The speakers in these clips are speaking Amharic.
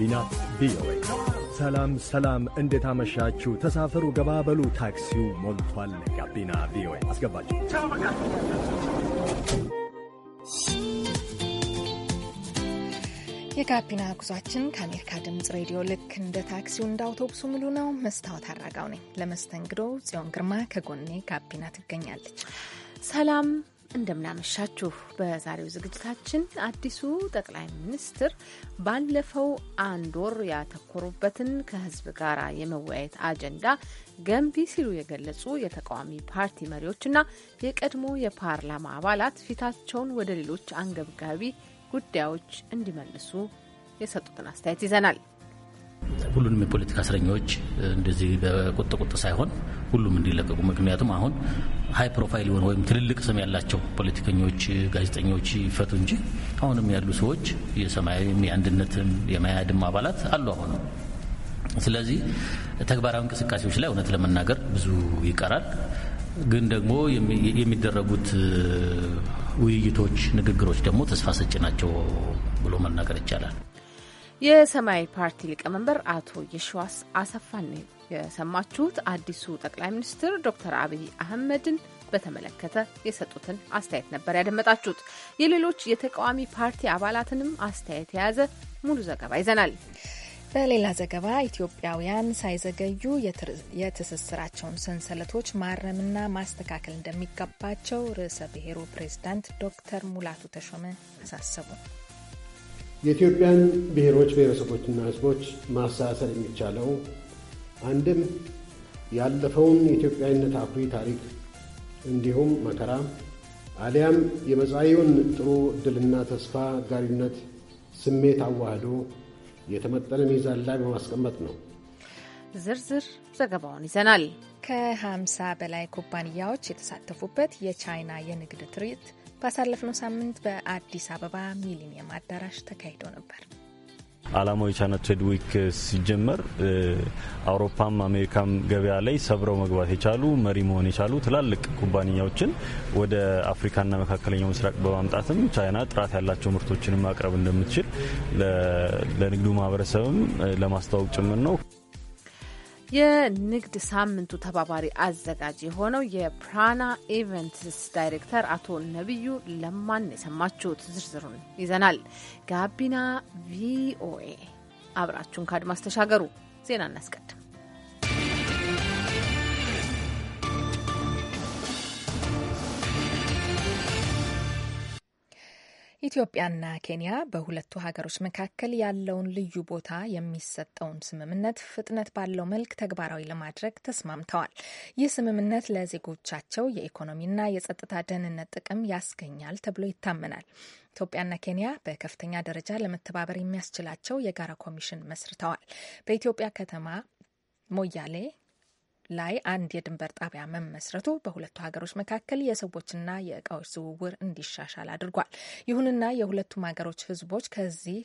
ጋቢና ቪኦኤ። ሰላም ሰላም፣ እንዴት አመሻችሁ? ተሳፈሩ፣ ገባበሉ፣ ታክሲው ሞልቷል። ጋቢና ቪኦኤ አስገባችሁ። የጋቢና ጉዟችን ከአሜሪካ ድምፅ ሬዲዮ ልክ እንደ ታክሲው እንደ አውቶቡሱ ሙሉ ነው። መስታወት አራጋው ነኝ። ለመስተንግዶ ጽዮን ግርማ ከጎኔ ጋቢና ትገኛለች። ሰላም እንደምናመሻችሁ። በዛሬው ዝግጅታችን አዲሱ ጠቅላይ ሚኒስትር ባለፈው አንድ ወር ያተኮሩበትን ከህዝብ ጋር የመወያየት አጀንዳ ገንቢ ሲሉ የገለጹ የተቃዋሚ ፓርቲ መሪዎችና የቀድሞ የፓርላማ አባላት ፊታቸውን ወደ ሌሎች አንገብጋቢ ጉዳዮች እንዲመልሱ የሰጡትን አስተያየት ይዘናል። ሁሉንም የፖለቲካ እስረኞች እንደዚህ በቁጥቁጥ ሳይሆን ሁሉም እንዲለቀቁ። ምክንያቱም አሁን ሀይ ፕሮፋይል የሆነ ወይም ትልልቅ ስም ያላቸው ፖለቲከኞች፣ ጋዜጠኞች ይፈቱ እንጂ አሁንም ያሉ ሰዎች የሰማያዊም የአንድነትም የመያድም አባላት አሉ አሁን ስለዚህ ተግባራዊ እንቅስቃሴዎች ላይ እውነት ለመናገር ብዙ ይቀራል። ግን ደግሞ የሚደረጉት ውይይቶች፣ ንግግሮች ደግሞ ተስፋ ሰጭ ናቸው ብሎ መናገር ይቻላል። የሰማያዊ ፓርቲ ሊቀመንበር አቶ የሸዋስ አሰፋን ነው የሰማችሁት። አዲሱ ጠቅላይ ሚኒስትር ዶክተር አብይ አህመድን በተመለከተ የሰጡትን አስተያየት ነበር ያደመጣችሁት። የሌሎች የተቃዋሚ ፓርቲ አባላትንም አስተያየት የያዘ ሙሉ ዘገባ ይዘናል። በሌላ ዘገባ ኢትዮጵያውያን ሳይዘገዩ የትስስራቸውን ሰንሰለቶች ማረምና ማስተካከል እንደሚገባቸው ርዕሰ ብሔሩ ፕሬዝዳንት ዶክተር ሙላቱ ተሾመ አሳሰቡ። የኢትዮጵያን ብሔሮች ብሔረሰቦችና ሕዝቦች ማሳሰር የሚቻለው አንድም ያለፈውን የኢትዮጵያዊነት አኩሪ ታሪክ እንዲሁም መከራ አሊያም የመጻኢውን ጥሩ ዕድልና ተስፋ ጋሪነት ስሜት አዋህዶ የተመጠነ ሚዛን ላይ በማስቀመጥ ነው። ዝርዝር ዘገባውን ይዘናል። ከ50 በላይ ኩባንያዎች የተሳተፉበት የቻይና የንግድ ትርኢት ባሳለፍነው ሳምንት በአዲስ አበባ ሚሊኒየም አዳራሽ ተካሂዶ ነበር። አላማው ቻይና ትሬድ ዊክ ሲጀመር አውሮፓም አሜሪካም ገበያ ላይ ሰብረው መግባት የቻሉ መሪ መሆን የቻሉ ትላልቅ ኩባንያዎችን ወደ አፍሪካና መካከለኛው ምስራቅ በማምጣትም ቻይና ጥራት ያላቸው ምርቶችን ማቅረብ እንደምትችል ለንግዱ ማህበረሰብም ለማስተዋወቅ ጭምር ነው። የንግድ ሳምንቱ ተባባሪ አዘጋጅ የሆነው የፕራና ኢቨንትስ ዳይሬክተር አቶ ነቢዩ ለማን የሰማችሁት። ዝርዝሩን ይዘናል። ጋቢና ቪኦኤ አብራችሁን ከአድማስ ተሻገሩ። ዜና እናስቀድም። ኢትዮጵያና ኬንያ በሁለቱ ሀገሮች መካከል ያለውን ልዩ ቦታ የሚሰጠውን ስምምነት ፍጥነት ባለው መልክ ተግባራዊ ለማድረግ ተስማምተዋል። ይህ ስምምነት ለዜጎቻቸው የኢኮኖሚና የጸጥታ ደህንነት ጥቅም ያስገኛል ተብሎ ይታመናል። ኢትዮጵያና ኬንያ በከፍተኛ ደረጃ ለመተባበር የሚያስችላቸው የጋራ ኮሚሽን መስርተዋል። በኢትዮጵያ ከተማ ሞያሌ ላይ አንድ የድንበር ጣቢያ መመስረቱ በሁለቱ ሀገሮች መካከል የሰዎችና የእቃዎች ዝውውር እንዲሻሻል አድርጓል። ይሁንና የሁለቱም ሀገሮች ህዝቦች ከዚህ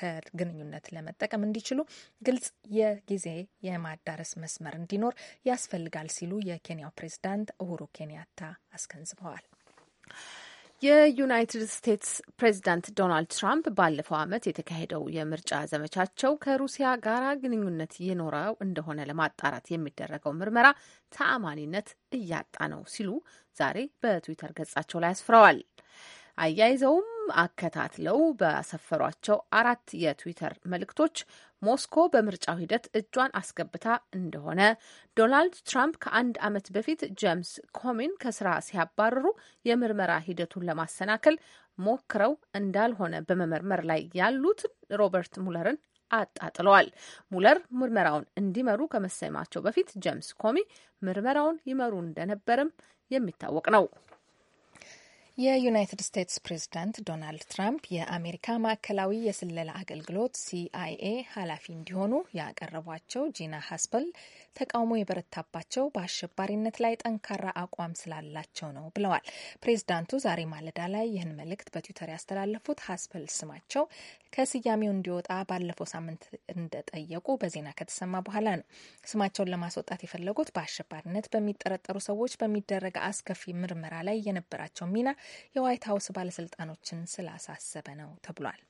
ከግንኙነት ለመጠቀም እንዲችሉ ግልጽ የጊዜ የማዳረስ መስመር እንዲኖር ያስፈልጋል ሲሉ የኬንያው ፕሬዚዳንት ኡሁሩ ኬንያታ አስገንዝበዋል። የዩናይትድ ስቴትስ ፕሬዚዳንት ዶናልድ ትራምፕ ባለፈው ዓመት የተካሄደው የምርጫ ዘመቻቸው ከሩሲያ ጋር ግንኙነት የኖረው እንደሆነ ለማጣራት የሚደረገው ምርመራ ተአማኒነት እያጣ ነው ሲሉ ዛሬ በትዊተር ገጻቸው ላይ አስፍረዋል። አያይዘውም አከታትለው በሰፈሯቸው አራት የትዊተር መልእክቶች ሞስኮ በምርጫው ሂደት እጇን አስገብታ እንደሆነ፣ ዶናልድ ትራምፕ ከአንድ ዓመት በፊት ጄምስ ኮሚን ከስራ ሲያባርሩ የምርመራ ሂደቱን ለማሰናከል ሞክረው እንዳልሆነ በመመርመር ላይ ያሉት ሮበርት ሙለርን አጣጥለዋል። ሙለር ምርመራውን እንዲመሩ ከመሰየማቸው በፊት ጄምስ ኮሚ ምርመራውን ይመሩ እንደነበረም የሚታወቅ ነው። የዩናይትድ ስቴትስ ፕሬዝዳንት ዶናልድ ትራምፕ የአሜሪካ ማዕከላዊ የስለላ አገልግሎት ሲአይኤ ኃላፊ እንዲሆኑ ያቀረቧቸው ጂና ሀስፐል ተቃውሞ የበረታባቸው በአሸባሪነት ላይ ጠንካራ አቋም ስላላቸው ነው ብለዋል። ፕሬዝዳንቱ ዛሬ ማለዳ ላይ ይህን መልእክት በትዊተር ያስተላለፉት ሀስፐል ስማቸው ከስያሜው እንዲወጣ ባለፈው ሳምንት እንደጠየቁ በዜና ከተሰማ በኋላ ነው። ስማቸውን ለማስወጣት የፈለጉት በአሸባሪነት በሚጠረጠሩ ሰዎች በሚደረግ አስከፊ ምርመራ ላይ የነበራቸው ሚና የዋይት ሀውስ ባለስልጣኖችን ስላሳሰበ ነው ተብሏል።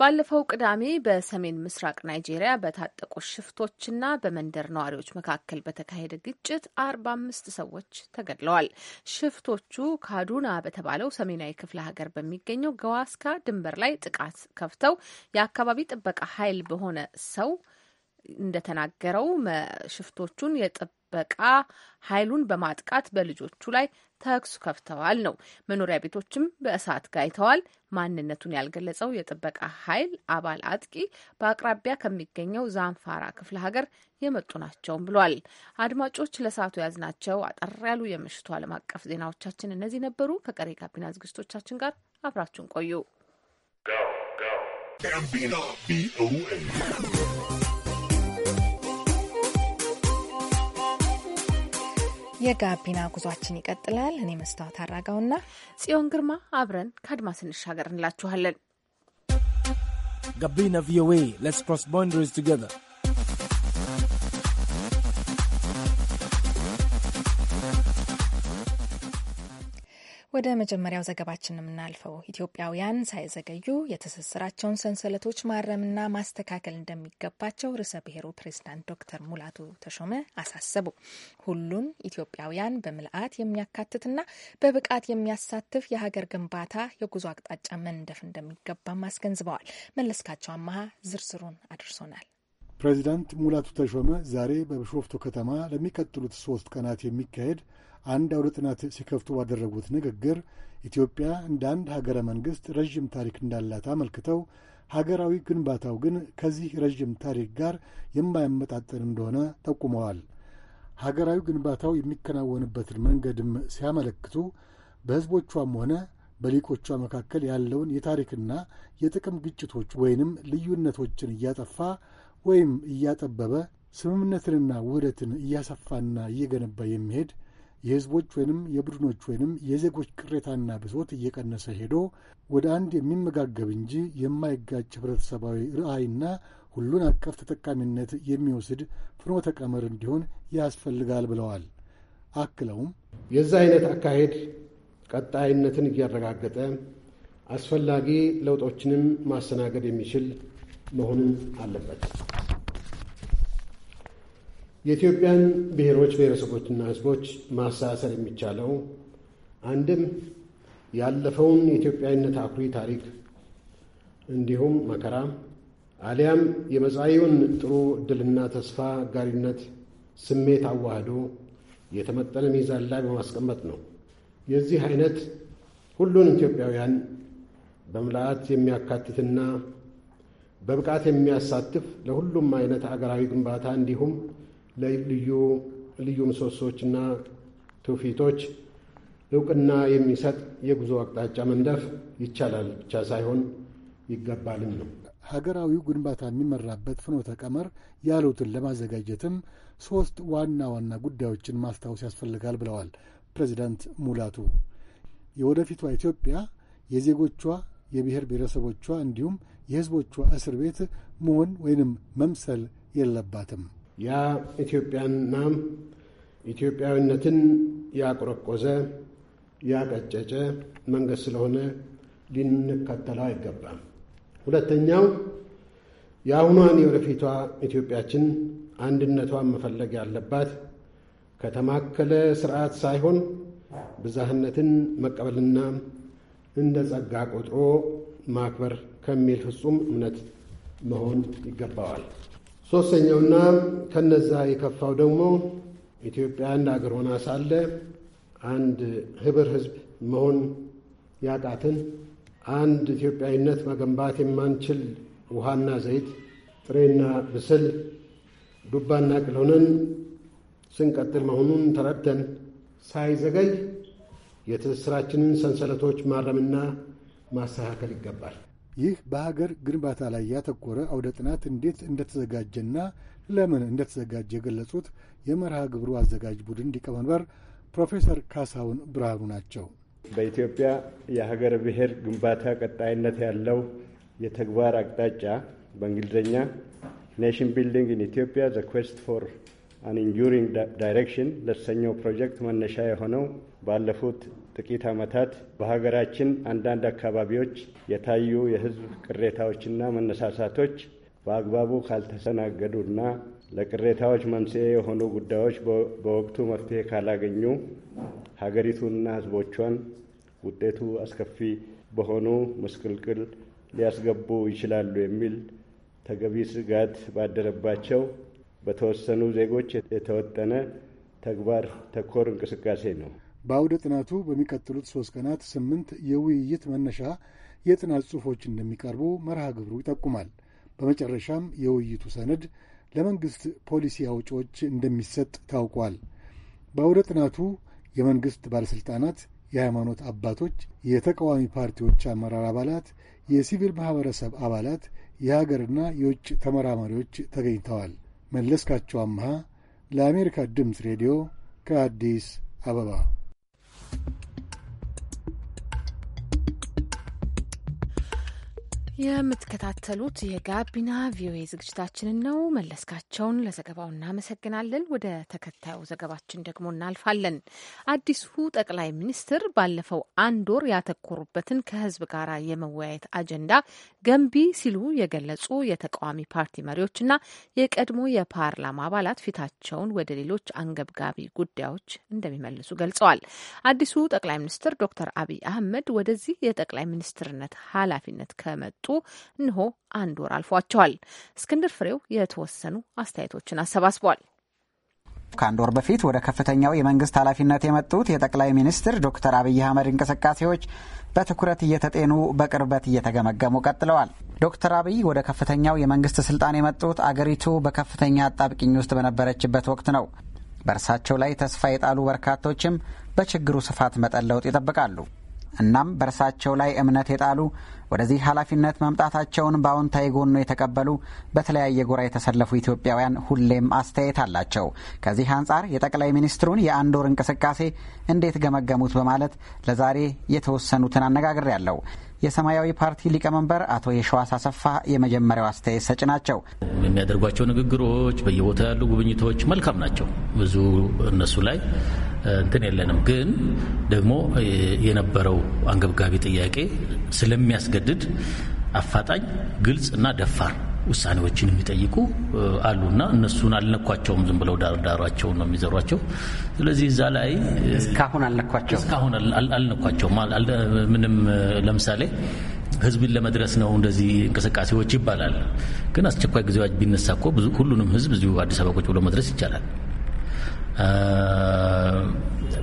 ባለፈው ቅዳሜ በሰሜን ምስራቅ ናይጄሪያ በታጠቁ ሽፍቶችና በመንደር ነዋሪዎች መካከል በተካሄደ ግጭት አርባ አምስት ሰዎች ተገድለዋል። ሽፍቶቹ ካዱና በተባለው ሰሜናዊ ክፍለ ሀገር በሚገኘው ገዋስካ ድንበር ላይ ጥቃት ከፍተው የአካባቢ ጥበቃ ኃይል በሆነ ሰው እንደተናገረው ሽፍቶቹን ጥበቃ ኃይሉን በማጥቃት በልጆቹ ላይ ተኩስ ከፍተዋል ነው። መኖሪያ ቤቶችም በእሳት ጋይተዋል። ማንነቱን ያልገለጸው የጥበቃ ኃይል አባል አጥቂ በአቅራቢያ ከሚገኘው ዛንፋራ ክፍለ ሀገር የመጡ ናቸውም ብሏል። አድማጮች ለሰዓቱ ናቸው አጠር ያሉ የምሽቱ ዓለም አቀፍ ዜናዎቻችን እነዚህ ነበሩ። ከቀሪ ጋቢና ዝግጅቶቻችን ጋር አብራችሁን ቆዩ። የጋቢና ጉዟችን ይቀጥላል። እኔ መስታወት አራጋውና ጽዮን ግርማ አብረን ከአድማስ ስንሻገር እንላችኋለን። ጋቢና ቪኦኤ ስ ፕሮስ ባውንደሪስ ቱገር ወደ መጀመሪያው ዘገባችን የምናልፈው ኢትዮጵያውያን ሳይዘገዩ የትስስራቸውን ሰንሰለቶች ማረምና ማስተካከል እንደሚገባቸው ርዕሰ ብሔሩ ፕሬዝዳንት ዶክተር ሙላቱ ተሾመ አሳሰቡ። ሁሉን ኢትዮጵያውያን በምልአት የሚያካትትና በብቃት የሚያሳትፍ የሀገር ግንባታ የጉዞ አቅጣጫ መንደፍ እንደሚገባም አስገንዝበዋል። መለስካቸው አመሀ ዝርዝሩን አድርሶናል። ፕሬዚዳንት ሙላቱ ተሾመ ዛሬ በበሾፍቶ ከተማ ለሚቀጥሉት ሦስት ቀናት የሚካሄድ አንድ አውደ ጥናት ሲከፍቱ ባደረጉት ንግግር ኢትዮጵያ እንደ አንድ ሀገረ መንግሥት ረዥም ታሪክ እንዳላት አመልክተው ሀገራዊ ግንባታው ግን ከዚህ ረዥም ታሪክ ጋር የማያመጣጠን እንደሆነ ጠቁመዋል። ሀገራዊ ግንባታው የሚከናወንበትን መንገድም ሲያመለክቱ በሕዝቦቿም ሆነ በሊቆቿ መካከል ያለውን የታሪክና የጥቅም ግጭቶች ወይንም ልዩነቶችን እያጠፋ ወይም እያጠበበ ስምምነትንና ውህደትን እያሰፋና እየገነባ የሚሄድ የህዝቦች ወይንም የቡድኖች ወይንም የዜጎች ቅሬታና ብሶት እየቀነሰ ሄዶ ወደ አንድ የሚመጋገብ እንጂ የማይጋጭ ህብረተሰባዊ ርአይና ሁሉን አቀፍ ተጠቃሚነት የሚወስድ ፍኖተ ቀመር እንዲሆን ያስፈልጋል ብለዋል። አክለውም የዛ አይነት አካሄድ ቀጣይነትን እያረጋገጠ አስፈላጊ ለውጦችንም ማስተናገድ የሚችል መሆንን አለበት። የኢትዮጵያን ብሔሮች ብሔረሰቦችና ሕዝቦች ማሳሰር የሚቻለው አንድም ያለፈውን የኢትዮጵያዊነት አኩሪ ታሪክ እንዲሁም መከራ አሊያም የመጻኢውን ጥሩ ዕድልና ተስፋ ጋሪነት ስሜት አዋህዶ የተመጠነ ሚዛን ላይ በማስቀመጥ ነው። የዚህ አይነት ሁሉን ኢትዮጵያውያን በምልአት የሚያካትትና በብቃት የሚያሳትፍ ለሁሉም አይነት አገራዊ ግንባታ እንዲሁም ለልዩ ልዩ ምሰሶችና ትውፊቶች እውቅና የሚሰጥ የጉዞ አቅጣጫ መንደፍ ይቻላል ብቻ ሳይሆን ይገባልም ነው። ሀገራዊው ግንባታ የሚመራበት ፍኖተ ቀመር ያሉትን ለማዘጋጀትም ሶስት ዋና ዋና ጉዳዮችን ማስታወስ ያስፈልጋል ብለዋል ፕሬዚዳንት ሙላቱ። የወደፊቷ ኢትዮጵያ የዜጎቿ፣ የብሔር ብሔረሰቦቿ እንዲሁም የህዝቦቹ እስር ቤት መሆን ወይንም መምሰል የለባትም። ያ ኢትዮጵያና ኢትዮጵያዊነትን ያቆረቆዘ ያቀጨጨ መንገድ ስለሆነ ልንከተለው አይገባም። ሁለተኛው የአሁኗን የወደፊቷ ኢትዮጵያችን አንድነቷን መፈለግ ያለባት ከተማከለ ስርዓት ሳይሆን ብዛህነትን መቀበልና እንደ ጸጋ ቆጥሮ ማክበር ከሚል ፍጹም እምነት መሆን ይገባዋል። ሶስተኛውና ከነዛ የከፋው ደግሞ ኢትዮጵያ አንድ አገር ሆና ሳለ አንድ ህብር ህዝብ መሆን ያቃትን አንድ ኢትዮጵያዊነት መገንባት የማንችል ውሃና ዘይት፣ ጥሬና ብስል፣ ዱባና ቅል ሆነን ስንቀጥል መሆኑን ተረድተን ሳይዘገይ የትስስራችንን ሰንሰለቶች ማረምና ማስተካከል ይገባል። ይህ በሀገር ግንባታ ላይ ያተኮረ አውደ ጥናት እንዴት እንደተዘጋጀና ለምን እንደተዘጋጀ የገለጹት የመርሃ ግብሩ አዘጋጅ ቡድን ሊቀመንበር ፕሮፌሰር ካሳሁን ብርሃኑ ናቸው። በኢትዮጵያ የሀገር ብሔር ግንባታ ቀጣይነት ያለው የተግባር አቅጣጫ በእንግሊዝኛ ኔሽን ቢልዲንግ ኢን ኢትዮጵያ ዘ ኩዌስት ፎር አን ኢንዱሪንግ ዳይሬክሽን ለተሰኘው ፕሮጀክት መነሻ የሆነው ባለፉት ጥቂት ዓመታት በሀገራችን አንዳንድ አካባቢዎች የታዩ የሕዝብ ቅሬታዎችና መነሳሳቶች በአግባቡ ካልተሰናገዱና ለቅሬታዎች መንስኤ የሆኑ ጉዳዮች በወቅቱ መፍትሄ ካላገኙ ሀገሪቱንና ሕዝቦቿን ውጤቱ አስከፊ በሆኑ ምስቅልቅል ሊያስገቡ ይችላሉ የሚል ተገቢ ስጋት ባደረባቸው በተወሰኑ ዜጎች የተወጠነ ተግባር ተኮር እንቅስቃሴ ነው። በአውደ ጥናቱ በሚቀጥሉት ሶስት ቀናት ስምንት የውይይት መነሻ የጥናት ጽሑፎች እንደሚቀርቡ መርሃ ግብሩ ይጠቁማል። በመጨረሻም የውይይቱ ሰነድ ለመንግሥት ፖሊሲ አውጪዎች እንደሚሰጥ ታውቋል። በአውደ ጥናቱ የመንግሥት ባለሥልጣናት፣ የሃይማኖት አባቶች፣ የተቃዋሚ ፓርቲዎች አመራር አባላት፣ የሲቪል ማኅበረሰብ አባላት፣ የሀገርና የውጭ ተመራማሪዎች ተገኝተዋል። መለስካቸው አምሃ ለአሜሪካ ድምፅ ሬዲዮ ከአዲስ አበባ የምትከታተሉት የጋቢና ቪኦኤ ዝግጅታችንን ነው። መለስካቸውን ለዘገባው እናመሰግናለን። ወደ ተከታዩ ዘገባችን ደግሞ እናልፋለን። አዲሱ ጠቅላይ ሚኒስትር ባለፈው አንድ ወር ያተኮሩበትን ከህዝብ ጋር የመወያየት አጀንዳ ገንቢ ሲሉ የገለጹ የተቃዋሚ ፓርቲ መሪዎችና የቀድሞ የፓርላማ አባላት ፊታቸውን ወደ ሌሎች አንገብጋቢ ጉዳዮች እንደሚመልሱ ገልጸዋል። አዲሱ ጠቅላይ ሚኒስትር ዶክተር አብይ አህመድ ወደዚህ የጠቅላይ ሚኒስትርነት ኃላፊነት ከመጡ ከወጡ እንሆ አንድ ወር አልፏቸዋል። እስክንድር ፍሬው የተወሰኑ አስተያየቶችን አሰባስቧል። ከአንድ ወር በፊት ወደ ከፍተኛው የመንግስት ኃላፊነት የመጡት የጠቅላይ ሚኒስትር ዶክተር አብይ አህመድ እንቅስቃሴዎች በትኩረት እየተጤኑ በቅርበት እየተገመገሙ ቀጥለዋል። ዶክተር አብይ ወደ ከፍተኛው የመንግስት ስልጣን የመጡት አገሪቱ በከፍተኛ አጣብቂኝ ውስጥ በነበረችበት ወቅት ነው። በእርሳቸው ላይ ተስፋ የጣሉ በርካቶችም በችግሩ ስፋት መጠን ለውጥ ይጠብቃሉ። እናም በእርሳቸው ላይ እምነት የጣሉ ወደዚህ ኃላፊነት መምጣታቸውን በአዎንታዊ ጎኑ የተቀበሉ በተለያየ ጎራ የተሰለፉ ኢትዮጵያውያን ሁሌም አስተያየት አላቸው። ከዚህ አንጻር የጠቅላይ ሚኒስትሩን የአንድ ወር እንቅስቃሴ እንዴት ገመገሙት በማለት ለዛሬ የተወሰኑትን ያለው። የሰማያዊ ፓርቲ ሊቀመንበር አቶ የሸዋስ አሰፋ የመጀመሪያው አስተያየት ሰጭ ናቸው። የሚያደርጓቸው ንግግሮች፣ በየቦታ ያሉ ጉብኝቶች መልካም ናቸው። ብዙ እነሱ ላይ እንትን የለንም። ግን ደግሞ የነበረው አንገብጋቢ ጥያቄ ስለሚያስገድድ አፋጣኝ፣ ግልጽ እና ደፋር ውሳኔዎችን የሚጠይቁ አሉና እነሱን አልነኳቸውም። ዝም ብለው ዳርዳሯቸውን ነው የሚዘሯቸው። ስለዚህ እዛ ላይ እስካሁን አልነኳቸው እስካሁን አልነኳቸውም። ምንም ለምሳሌ ህዝብን ለመድረስ ነው እንደዚህ እንቅስቃሴዎች ይባላል። ግን አስቸኳይ ጊዜ አዋጅ ቢነሳ እኮ ሁሉንም ህዝብ እዚሁ አዲስ አበባ ቁጭ ብሎ መድረስ ይቻላል።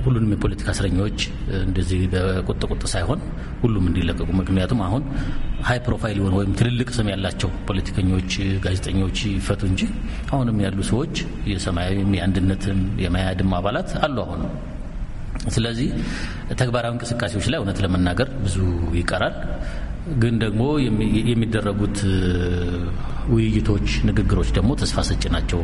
ሁሉንም የፖለቲካ እስረኞች እንደዚህ በቁጥቁጥ ሳይሆን ሁሉም እንዲለቀቁ። ምክንያቱም አሁን ሀይ ፕሮፋይል የሆኑ ወይም ትልልቅ ስም ያላቸው ፖለቲከኞች፣ ጋዜጠኞች ይፈቱ እንጂ አሁንም ያሉ ሰዎች የሰማያዊም የአንድነትም የመያድም አባላት አሉ አሁን ስለዚህ ተግባራዊ እንቅስቃሴዎች ላይ እውነት ለመናገር ብዙ ይቀራል። ግን ደግሞ የሚደረጉት ውይይቶች፣ ንግግሮች ደግሞ ተስፋ ሰጭ ናቸው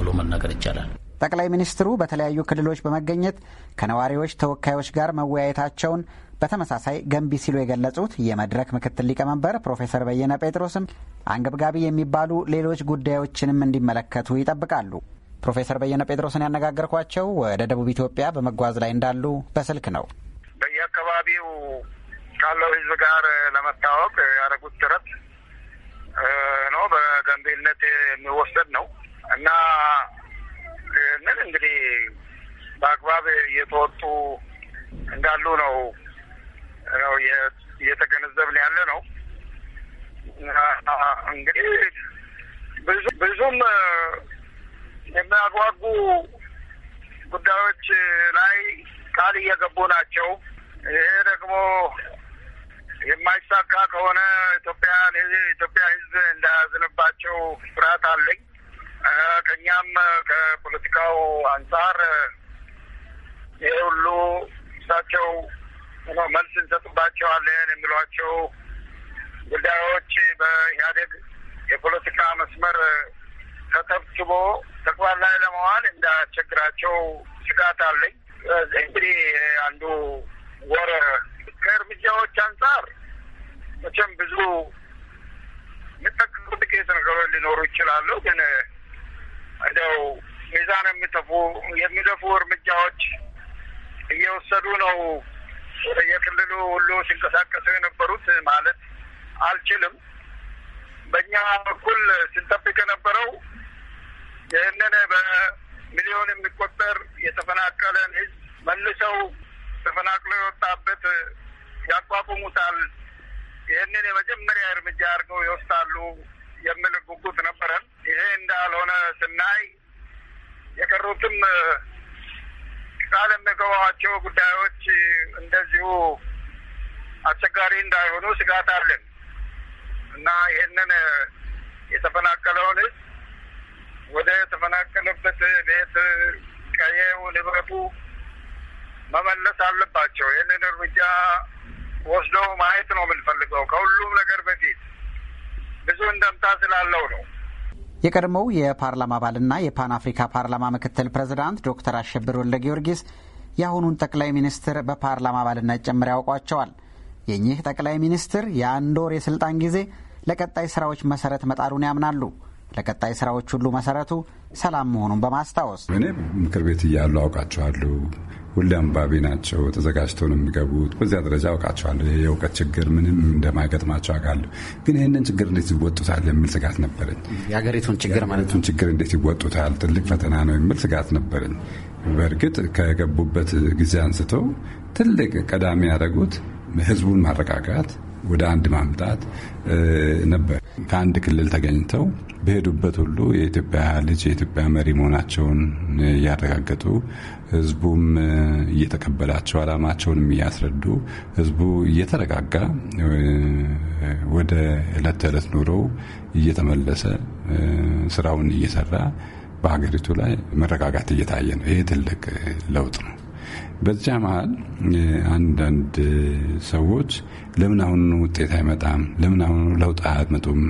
ብሎ መናገር ይቻላል። ጠቅላይ ሚኒስትሩ በተለያዩ ክልሎች በመገኘት ከነዋሪዎች ተወካዮች ጋር መወያየታቸውን በተመሳሳይ ገንቢ ሲሉ የገለጹት የመድረክ ምክትል ሊቀመንበር ፕሮፌሰር በየነ ጴጥሮስም አንገብጋቢ የሚባሉ ሌሎች ጉዳዮችንም እንዲመለከቱ ይጠብቃሉ። ፕሮፌሰር በየነ ጴጥሮስን ያነጋገርኳቸው ወደ ደቡብ ኢትዮጵያ በመጓዝ ላይ እንዳሉ በስልክ ነው። በየአካባቢው ካለው ሕዝብ ጋር ለመታወቅ ያደረጉት ጥረት ነው። በገንቢነት የሚወሰድ ነው እና ይህንን እንግዲህ በአግባብ እየተወጡ እንዳሉ ነው ነው እየተገነዘብን ያለ ነው። እንግዲህ ብዙም የሚያጓጉ ጉዳዮች ላይ ቃል እየገቡ ናቸው። ይሄ ደግሞ የማይሳካ ከሆነ ኢትዮጵያን ኢትዮጵያ ሕዝብ እንዳያዝንባቸው ፍርሃት አለኝ። ከእኛም ከፖለቲካው አንጻር ይሄ ሁሉ እሳቸው መልስ እንሰጥባቸዋለን የሚሏቸው ጉዳዮች በኢህአዴግ የፖለቲካ መስመር ተተብትቦ ተግባር ላይ ለመዋል እንዳያስቸግራቸው ስጋት አለኝ። እንግዲህ አንዱ ወር ከእርምጃዎች አንጻር መቼም ብዙ የሚጠቅሙ ጥቂት ነገሮች ሊኖሩ ይችላሉ ግን እንደው ሚዛን የሚጠፉ የሚደፉ እርምጃዎች እየወሰዱ ነው የክልሉ ሁሉ ሲንቀሳቀሱ የነበሩት ማለት አልችልም። በእኛ በኩል ስንጠብቅ የነበረው ይህንን በሚሊዮን የሚቆጠር የተፈናቀለን ህዝብ መልሰው ተፈናቅሎ የወጣበት ያቋቁሙታል፣ ይህንን የመጀመሪያ እርምጃ አድርገው ይወስዳሉ የሚል ጉጉት ነበረን። ይሄ እንዳልሆነ ስናይ የቀሩትም ቃል የሚገባቸው ጉዳዮች እንደዚሁ አስቸጋሪ እንዳይሆኑ ስጋት አለን እና ይህንን የተፈናቀለውን ወደ የተፈናቀለበት ቤት፣ ቀየው፣ ንብረቱ መመለስ አለባቸው። ይህንን እርምጃ ወስደው ማየት ነው የምንፈልገው ከሁሉም ነገር በፊት ብዙ እንደምታ ስላለው ነው። የቀድሞው የፓርላማ አባልና የፓን አፍሪካ ፓርላማ ምክትል ፕሬዝዳንት ዶክተር አሸብር ወልደ ጊዮርጊስ የአሁኑን ጠቅላይ ሚኒስትር በፓርላማ አባልነት ጭምር ያውቋቸዋል። የኚህ ጠቅላይ ሚኒስትር የአንድ ወር የስልጣን ጊዜ ለቀጣይ ስራዎች መሰረት መጣሉን ያምናሉ። ለቀጣይ ስራዎች ሁሉ መሰረቱ ሰላም መሆኑን በማስታወስ እኔ ምክር ቤት እያሉ አውቃቸዋለሁ። ሁሌ አንባቢ ናቸው። ተዘጋጅተው ነው የሚገቡት። በዚያ ደረጃ አውቃቸዋለሁ። የእውቀት ችግር ምንም እንደማይገጥማቸው አውቃለሁ። ግን ይህንን ችግር እንዴት ይወጡታል የሚል ስጋት ነበረኝ። የሀገሪቱን ችግር ማለት ነው። ችግር እንዴት ይወጡታል ትልቅ ፈተና ነው የሚል ስጋት ነበረኝ። በእርግጥ ከገቡበት ጊዜ አንስተው ትልቅ ቀዳሚ ያደረጉት ህዝቡን ማረጋጋት ወደ አንድ ማምጣት ነበር። ከአንድ ክልል ተገኝተው በሄዱበት ሁሉ የኢትዮጵያ ልጅ የኢትዮጵያ መሪ መሆናቸውን እያረጋገጡ ህዝቡም እየተቀበላቸው አላማቸውን እያስረዱ ህዝቡ እየተረጋጋ ወደ ዕለት ተዕለት ኑሮው እየተመለሰ ስራውን እየሰራ በሀገሪቱ ላይ መረጋጋት እየታየ ነው። ይህ ትልቅ ለውጥ ነው። በዚያ መሀል አንዳንድ ሰዎች ለምን አሁኑ ውጤት አይመጣም? ለምን አሁኑ ለውጥ አያመጡም?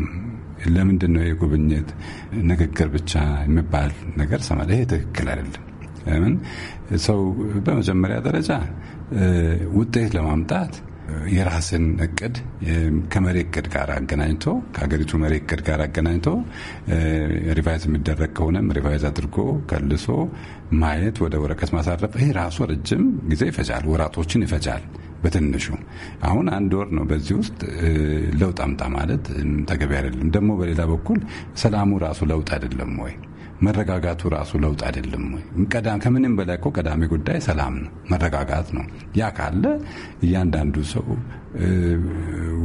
ለምንድን ነው የጉብኝት ንግግር ብቻ የሚባል ነገር ሰማ። ይሄ ትክክል አይደለም። ለምን ሰው በመጀመሪያ ደረጃ ውጤት ለማምጣት የራስን እቅድ ከመሪ እቅድ ጋር አገናኝቶ ከሀገሪቱ መሪ እቅድ ጋር አገናኝቶ ሪቫይዝ የሚደረግ ከሆነም ሪቫይዝ አድርጎ ከልሶ ማየት፣ ወደ ወረቀት ማሳረፍ ይሄ ራሱ ረጅም ጊዜ ይፈጃል፣ ወራቶችን ይፈጃል። በትንሹ አሁን አንድ ወር ነው። በዚህ ውስጥ ለውጥ አምጣ ማለት ተገቢ አይደለም። ደግሞ በሌላ በኩል ሰላሙ ራሱ ለውጥ አይደለም ወይ? መረጋጋቱ ራሱ ለውጥ አይደለም ወይ? ከምንም በላይ እኮ ቀዳሚ ጉዳይ ሰላም ነው፣ መረጋጋት ነው። ያ ካለ እያንዳንዱ ሰው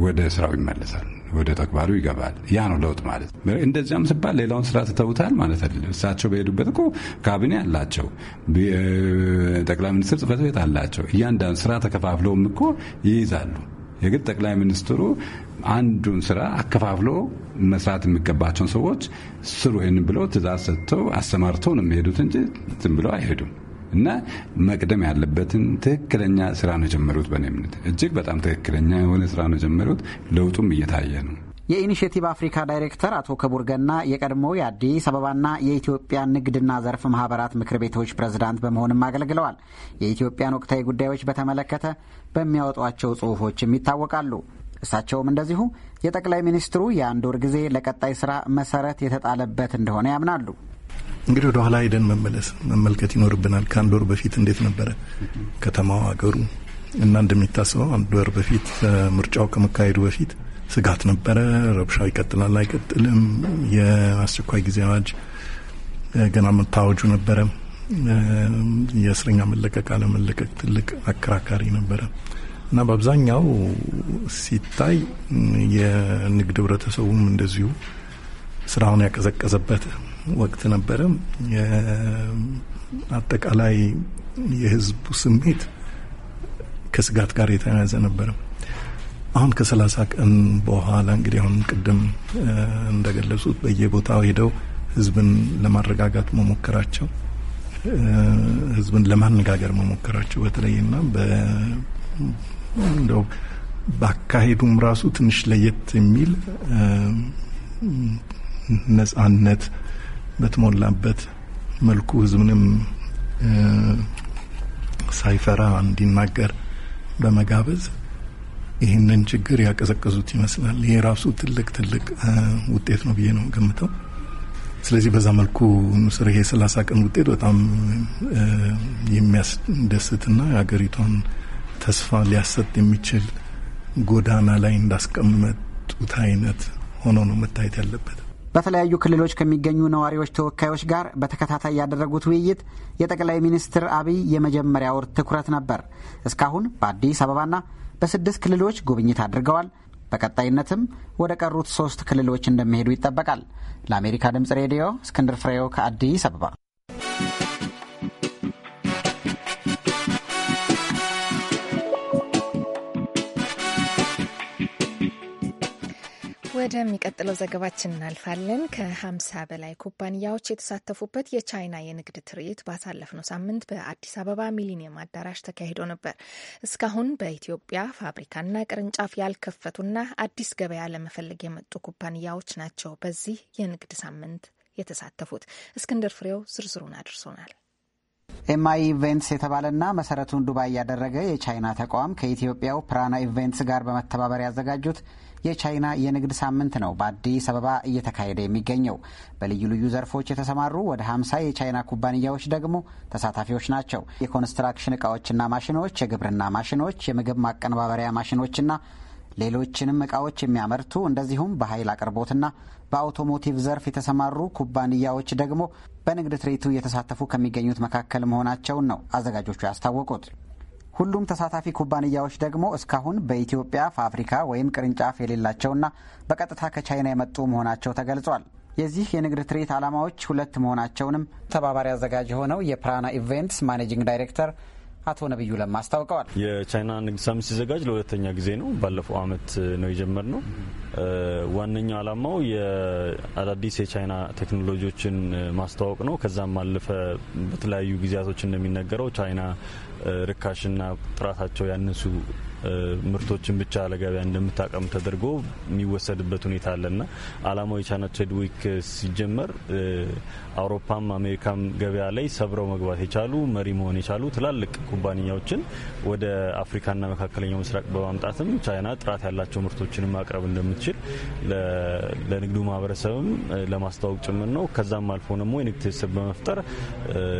ወደ ስራው ይመለሳል፣ ወደ ተግባሩ ይገባል። ያ ነው ለውጥ ማለት። እንደዚያም ሲባል ሌላውን ስራ ትተውታል ማለት አይደለም። እሳቸው በሄዱበት እኮ ካቢኔ አላቸው፣ ጠቅላይ ሚኒስትር ጽፈት ቤት አላቸው። እያንዳንዱ ስራ ተከፋፍለውም እኮ ይይዛሉ። የግድ ጠቅላይ ሚኒስትሩ አንዱን ስራ አከፋፍሎ መስራት የሚገባቸውን ሰዎች ስሩ ይህን ብለው ትእዛዝ ሰጥተው አሰማርተው ነው የሚሄዱት እንጂ ዝም ብለው አይሄዱም። እና መቅደም ያለበትን ትክክለኛ ስራ ነው የጀመሩት። በእኔ እምነት እጅግ በጣም ትክክለኛ የሆነ ስራ ነው የጀመሩት። ለውጡም እየታየ ነው። የኢኒሽቲቭ አፍሪካ ዳይሬክተር አቶ ክቡር ገና የቀድሞ የአዲስ አበባና የኢትዮጵያ ንግድና ዘርፍ ማህበራት ምክር ቤቶች ፕሬዝዳንት በመሆንም አገልግለዋል። የኢትዮጵያን ወቅታዊ ጉዳዮች በተመለከተ በሚያወጧቸው ጽሁፎችም ይታወቃሉ። እሳቸውም እንደዚሁ የጠቅላይ ሚኒስትሩ የአንድ ወር ጊዜ ለቀጣይ ስራ መሰረት የተጣለበት እንደሆነ ያምናሉ። እንግዲህ ወደ ኋላ ሄደን መመለስ መመልከት ይኖርብናል። ከአንድ ወር በፊት እንዴት ነበረ ከተማው፣ አገሩ እና እንደሚታስበው አንድ ወር በፊት ምርጫው ከመካሄዱ በፊት ስጋት ነበረ። ረብሻው ይቀጥላል አይቀጥልም፣ የአስቸኳይ ጊዜ አዋጅ ገና መታወጁ ነበረ። የእስረኛ መለቀቅ አለመለቀቅ ትልቅ አከራካሪ ነበረ እና በአብዛኛው ሲታይ የንግድ ህብረተሰቡም እንደዚሁ ስራውን ያቀዘቀዘበት ወቅት ነበረ። አጠቃላይ የህዝቡ ስሜት ከስጋት ጋር የተያያዘ ነበረ። አሁን ከሰላሳ ቀን በኋላ እንግዲህ አሁን ቅድም እንደገለጹት በየቦታው ሄደው ህዝብን ለማረጋጋት መሞከራቸው ህዝብን ለማነጋገር መሞከራቸው በተለይና እንደው በአካሄዱም ራሱ ትንሽ ለየት የሚል ነጻነት በተሞላበት መልኩ ህዝብንም ሳይፈራ እንዲናገር በመጋበዝ ይህንን ችግር ያቀዘቀዙት ይመስላል። ይሄ ራሱ ትልቅ ትልቅ ውጤት ነው ብዬ ነው ገምተው። ስለዚህ በዛ መልኩ ስር ይሄ ሰላሳ ቀን ውጤት በጣም የሚያስደስትና የሀገሪቷን ተስፋ ሊያሰጥ የሚችል ጎዳና ላይ እንዳስቀመጡት አይነት ሆኖ ነው መታየት ያለበት። በተለያዩ ክልሎች ከሚገኙ ነዋሪዎች ተወካዮች ጋር በተከታታይ ያደረጉት ውይይት የጠቅላይ ሚኒስትር አብይ የመጀመሪያ ወር ትኩረት ነበር። እስካሁን በአዲስ አበባና በስድስት ክልሎች ጉብኝት አድርገዋል። በቀጣይነትም ወደ ቀሩት ሶስት ክልሎች እንደሚሄዱ ይጠበቃል። ለአሜሪካ ድምፅ ሬዲዮ እስክንድር ፍሬው ከአዲስ አበባ ወደሚቀጥለው ዘገባችን እናልፋለን። ከ50 በላይ ኩባንያዎች የተሳተፉበት የቻይና የንግድ ትርኢት ባሳለፍነው ሳምንት በአዲስ አበባ ሚሊኒየም አዳራሽ ተካሂዶ ነበር። እስካሁን በኢትዮጵያ ፋብሪካና ቅርንጫፍ ያልከፈቱና አዲስ ገበያ ለመፈለግ የመጡ ኩባንያዎች ናቸው በዚህ የንግድ ሳምንት የተሳተፉት። እስክንድር ፍሬው ዝርዝሩን አድርሶናል። ኤምአይ ኢቬንትስ የተባለና መሰረቱን ዱባይ ያደረገ የቻይና ተቋም ከኢትዮጵያው ፕራና ኢቬንትስ ጋር በመተባበር ያዘጋጁት የቻይና የንግድ ሳምንት ነው በአዲስ አበባ እየተካሄደ የሚገኘው። በልዩ ልዩ ዘርፎች የተሰማሩ ወደ ሀምሳ የቻይና ኩባንያዎች ደግሞ ተሳታፊዎች ናቸው። የኮንስትራክሽን እቃዎችና ማሽኖች፣ የግብርና ማሽኖች፣ የምግብ ማቀነባበሪያ ማሽኖችና ሌሎችንም እቃዎች የሚያመርቱ እንደዚሁም በኃይል አቅርቦትና በአውቶሞቲቭ ዘርፍ የተሰማሩ ኩባንያዎች ደግሞ በንግድ ትርኢቱ እየተሳተፉ ከሚገኙት መካከል መሆናቸውን ነው አዘጋጆቹ ያስታወቁት። ሁሉም ተሳታፊ ኩባንያዎች ደግሞ እስካሁን በኢትዮጵያ ፋብሪካ ወይም ቅርንጫፍ የሌላቸውና በቀጥታ ከቻይና የመጡ መሆናቸው ተገልጿል። የዚህ የንግድ ትርኢት ዓላማዎች ሁለት መሆናቸውንም ተባባሪ አዘጋጅ የሆነው የፕራና ኢቨንትስ ማኔጂንግ ዳይሬክተር አቶ ነቢዩ ለማ አስታውቀዋል። የቻይና ንግድ ሳሚት ሲዘጋጅ ለሁለተኛ ጊዜ ነው። ባለፈው አመት ነው የጀመርነው። ዋነኛው አላማው የአዳዲስ የቻይና ቴክኖሎጂዎችን ማስተዋወቅ ነው። ከዛም አለፈ በተለያዩ ጊዜያቶች እንደሚነገረው ቻይና ርካሽና ጥራታቸው ያነሱ ምርቶችን ብቻ ለገበያ እንደምታቀም ተደርጎ የሚወሰድበት ሁኔታ አለና አላማው የቻይና ትሬድ ዊክ ሲጀመር አውሮፓም አሜሪካም ገበያ ላይ ሰብረው መግባት የቻሉ መሪ መሆን የቻሉ ትላልቅ ኩባንያዎችን ወደ አፍሪካና መካከለኛው ምስራቅ በማምጣትም ቻይና ጥራት ያላቸው ምርቶችን ማቅረብ እንደምትችል ለንግዱ ማህበረሰብም ለማስተዋወቅ ጭምር ነው። ከዛም አልፎ ደግሞ የንግድ ትስስር በመፍጠር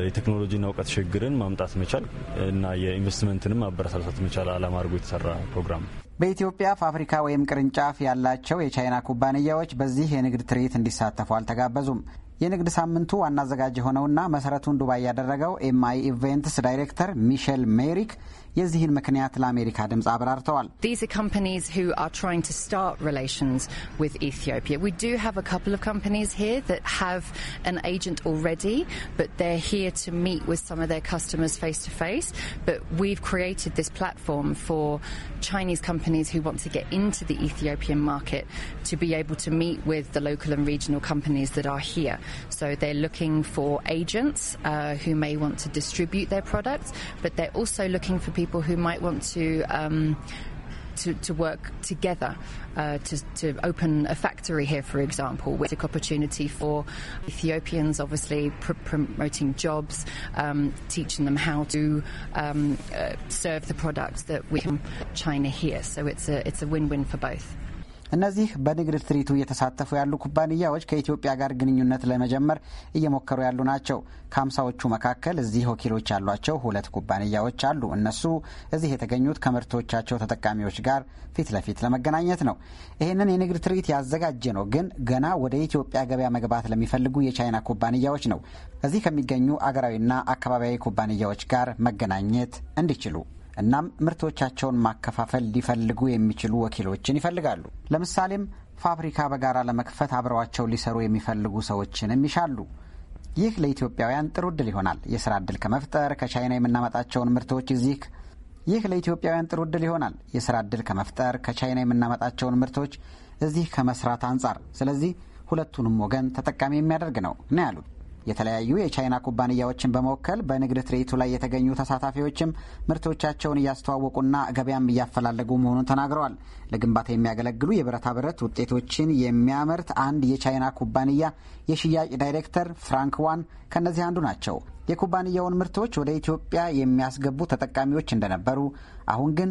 የቴክኖሎጂና እውቀት ሽግግርን ማምጣት መቻል እና የኢንቨስትመንትንም አበረታታት መቻል አላማ አድርጎ የተሰራ ፕሮግራም ነው። በኢትዮጵያ ፋብሪካ ወይም ቅርንጫፍ ያላቸው የቻይና ኩባንያዎች በዚህ የንግድ ትርኢት እንዲሳተፉ አልተጋበዙም። የንግድ ሳምንቱ ዋና አዘጋጅ የሆነውና መሰረቱን ዱባይ ያደረገው ኤምአይ ኢቨንትስ ዳይሬክተር ሚሼል ሜሪክ These are are they're companies companies who trying to to to start relations with with Ethiopia. We we've do have have a couple of of here here that an agent already, but But meet some their customers face face. created this platform for Chinese companies who want to get into the Ethiopian market to be able to meet with the local and regional companies that are here. So they're looking for agents uh, who may want to distribute their products, but they're also looking for people people who might want to. Um, to, to, work together uh, to, to, open a factory here, for example, with a opportunity for Ethiopians, obviously pr- promoting jobs, um, teaching them how to um, uh, serve the products that we can China here. So it's a it's a win-win for both. እነዚህ በንግድ ትርኢቱ እየተሳተፉ ያሉ ኩባንያዎች ከኢትዮጵያ ጋር ግንኙነት ለመጀመር እየሞከሩ ያሉ ናቸው። ከሀምሳዎቹ መካከል እዚህ ወኪሎች ያሏቸው ሁለት ኩባንያዎች አሉ። እነሱ እዚህ የተገኙት ከምርቶቻቸው ተጠቃሚዎች ጋር ፊት ለፊት ለመገናኘት ነው። ይህንን የንግድ ትርኢት ያዘጋጀ ነው ግን ገና ወደ ኢትዮጵያ ገበያ መግባት ለሚፈልጉ የቻይና ኩባንያዎች ነው። እዚህ ከሚገኙ አገራዊና አካባቢያዊ ኩባንያዎች ጋር መገናኘት እንዲችሉ እናም ምርቶቻቸውን ማከፋፈል ሊፈልጉ የሚችሉ ወኪሎችን ይፈልጋሉ። ለምሳሌም ፋብሪካ በጋራ ለመክፈት አብረዋቸው ሊሰሩ የሚፈልጉ ሰዎችንም ይሻሉ። ይህ ለኢትዮጵያውያን ጥሩ እድል ይሆናል። የስራ እድል ከመፍጠር ከቻይና የምናመጣቸውን ምርቶች እዚህ ይህ ለኢትዮጵያውያን ጥሩ እድል ይሆናል። የስራ እድል ከመፍጠር ከቻይና የምናመጣቸውን ምርቶች እዚህ ከመስራት አንጻር፣ ስለዚህ ሁለቱንም ወገን ተጠቃሚ የሚያደርግ ነው ነው ያሉት። የተለያዩ የቻይና ኩባንያዎችን በመወከል በንግድ ትርኢቱ ላይ የተገኙ ተሳታፊዎችም ምርቶቻቸውን እያስተዋወቁና ገበያም እያፈላለጉ መሆኑን ተናግረዋል። ለግንባታ የሚያገለግሉ የብረታ ብረት ውጤቶችን የሚያመርት አንድ የቻይና ኩባንያ የሽያጭ ዳይሬክተር ፍራንክ ዋን ከእነዚህ አንዱ ናቸው። የኩባንያውን ምርቶች ወደ ኢትዮጵያ የሚያስገቡ ተጠቃሚዎች እንደነበሩ አሁን ግን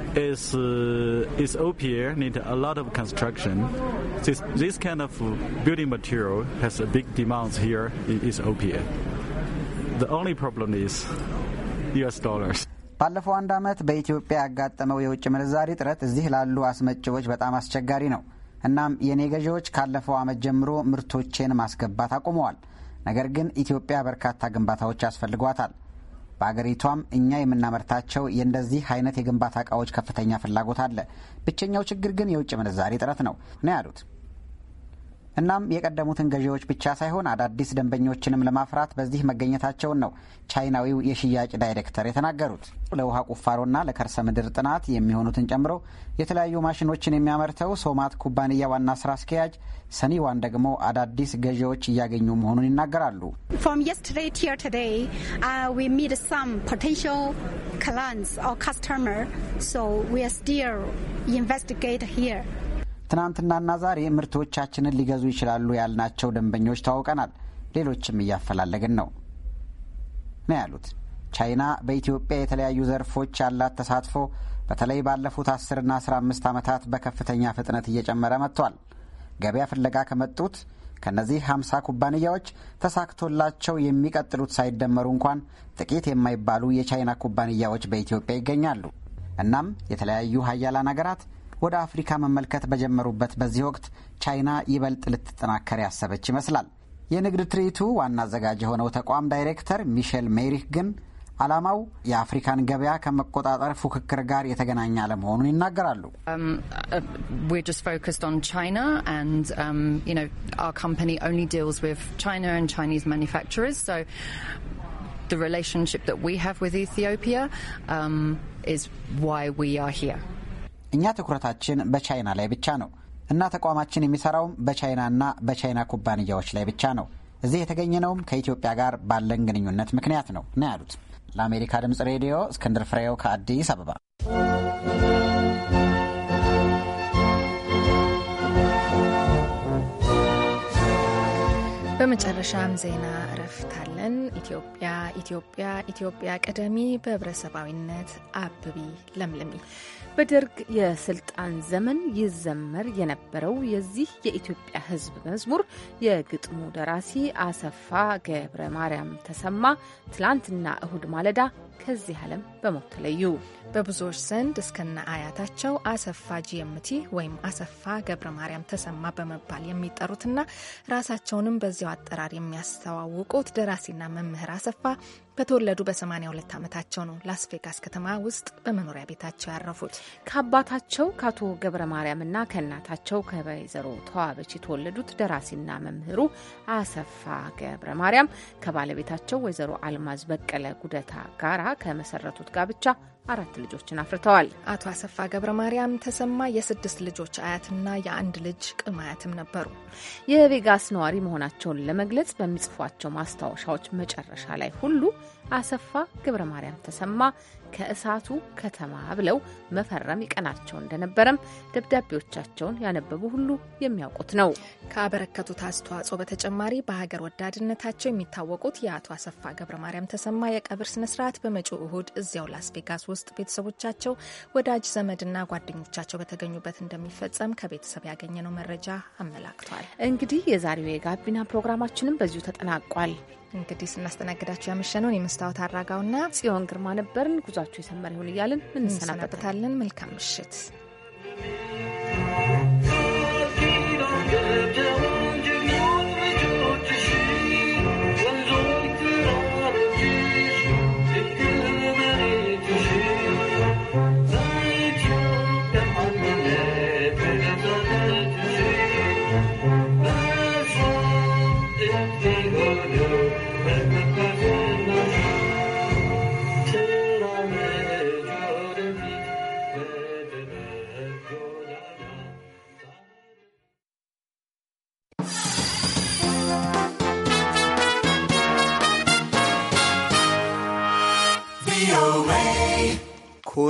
is uh, is OPA need a lot of construction. This this kind of building material has a big demand here in East OPA. The only problem is U.S. dollars. ባለፈው አንድ ዓመት በኢትዮጵያ ያጋጠመው የውጭ ምንዛሪ እጥረት እዚህ ላሉ አስመጪዎች በጣም አስቸጋሪ ነው። እናም የኔ ገዢዎች ካለፈው ዓመት ጀምሮ ምርቶቼን ማስገባት አቁመዋል። ነገር ግን ኢትዮጵያ በርካታ ግንባታዎች ያስፈልጓታል። በአገሪቷም እኛ የምናመርታቸው የእንደዚህ አይነት የግንባታ እቃዎች ከፍተኛ ፍላጎት አለ። ብቸኛው ችግር ግን የውጭ ምንዛሬ እጥረት ነው ነው ያሉት። እናም የቀደሙትን ገዢዎች ብቻ ሳይሆን አዳዲስ ደንበኞችንም ለማፍራት በዚህ መገኘታቸውን ነው ቻይናዊው የሽያጭ ዳይሬክተር የተናገሩት። ለውሃ ቁፋሮና ለከርሰ ምድር ጥናት የሚሆኑትን ጨምሮ የተለያዩ ማሽኖችን የሚያመርተው ሶማት ኩባንያ ዋና ስራ አስኪያጅ ሰኒዋን ደግሞ አዳዲስ ገዢዎች እያገኙ መሆኑን ይናገራሉ። ትናንትናና ዛሬ ምርቶቻችንን ሊገዙ ይችላሉ ያልናቸው ደንበኞች ተዋውቀናል። ሌሎችም እያፈላለግን ነው ነው ያሉት። ቻይና በኢትዮጵያ የተለያዩ ዘርፎች ያላት ተሳትፎ በተለይ ባለፉት አስርና አስራ አምስት ዓመታት በከፍተኛ ፍጥነት እየጨመረ መጥቷል። ገበያ ፍለጋ ከመጡት ከእነዚህ 50 ኩባንያዎች ተሳክቶላቸው የሚቀጥሉት ሳይደመሩ እንኳን ጥቂት የማይባሉ የቻይና ኩባንያዎች በኢትዮጵያ ይገኛሉ። እናም የተለያዩ ሀያላን አገራት ወደ አፍሪካ መመልከት በጀመሩበት በዚህ ወቅት ቻይና ይበልጥ ልትጠናከር ያሰበች ይመስላል። የንግድ ትርኢቱ ዋና አዘጋጅ የሆነው ተቋም ዳይሬክተር ሚሼል ሜሪክ ግን ዓላማው የአፍሪካን ገበያ ከመቆጣጠር ፉክክር ጋር የተገናኘ አለመሆኑን ይናገራሉ። um, uh, um, The relationship that we have with Ethiopia um, is why እኛ ትኩረታችን በቻይና ላይ ብቻ ነው እና ተቋማችን የሚሰራውም በቻይናና በቻይና ኩባንያዎች ላይ ብቻ ነው። እዚህ የተገኘነውም ከኢትዮጵያ ጋር ባለን ግንኙነት ምክንያት ነው ነው ያሉት። ለአሜሪካ ድምፅ ሬዲዮ እስክንድር ፍሬው ከአዲስ አበባ። በመጨረሻም ዜና እረፍታለን። ኢትዮጵያ ኢትዮጵያ ኢትዮጵያ ቀደሚ በህብረተሰባዊነት አብቢ ለምልሚ በደርግ የስልጣን ዘመን ይዘመር የነበረው የዚህ የኢትዮጵያ ሕዝብ መዝሙር የግጥሙ ደራሲ አሰፋ ገብረ ማርያም ተሰማ ትላንትና እሁድ ማለዳ ከዚህ ዓለም በሞት ተለዩ። በብዙዎች ዘንድ እስከነ አያታቸው አሰፋ ጂምቲ ወይም አሰፋ ገብረ ማርያም ተሰማ በመባል የሚጠሩትና ራሳቸውንም በዚያው አጠራር የሚያስተዋውቁት ደራሲና መምህር አሰፋ በተወለዱ በ82 ዓመታቸው ነው ላስ ቬጋስ ከተማ ውስጥ በመኖሪያ ቤታቸው ያረፉት። ከአባታቸው ከአቶ ገብረ ማርያምና ከእናታቸው ከወይዘሮ ተዋበች የተወለዱት ደራሲና መምህሩ አሰፋ ገብረ ማርያም ከባለቤታቸው ወይዘሮ አልማዝ በቀለ ጉደታ ጋራ ከመሰረቱት ጋብቻ አራት ልጆችን አፍርተዋል። አቶ አሰፋ ገብረ ማርያም ተሰማ የስድስት ልጆች አያትና የአንድ ልጅ ቅም አያትም ነበሩ። የቬጋስ ነዋሪ መሆናቸውን ለመግለጽ በሚጽፏቸው ማስታወሻዎች መጨረሻ ላይ ሁሉ አሰፋ ገብረ ማርያም ተሰማ ከእሳቱ ከተማ ብለው መፈረም ይቀናቸው እንደነበረም ደብዳቤዎቻቸውን ያነበቡ ሁሉ የሚያውቁት ነው። ከአበረከቱት አስተዋጽኦ በተጨማሪ በሀገር ወዳድነታቸው የሚታወቁት የአቶ አሰፋ ገብረ ማርያም ተሰማ የቀብር ስነስርዓት በመጪው እሁድ እዚያው ላስ ቬጋስ ውስጥ ቤተሰቦቻቸው፣ ወዳጅ ዘመድና ጓደኞቻቸው በተገኙበት እንደሚፈጸም ከቤተሰብ ያገኘነው መረጃ አመላክቷል። እንግዲህ የዛሬው የጋቢና ፕሮግራማችንም በዚሁ ተጠናቋል። እንግዲህ ስናስተናግዳችሁ ያመሸነውን የመስታወት አራጋውና ጽዮን ግርማ ነበርን። ጉዟችሁ የሰመረ ይሁን እያልን እንሰናበታለን። መልካም ምሽት።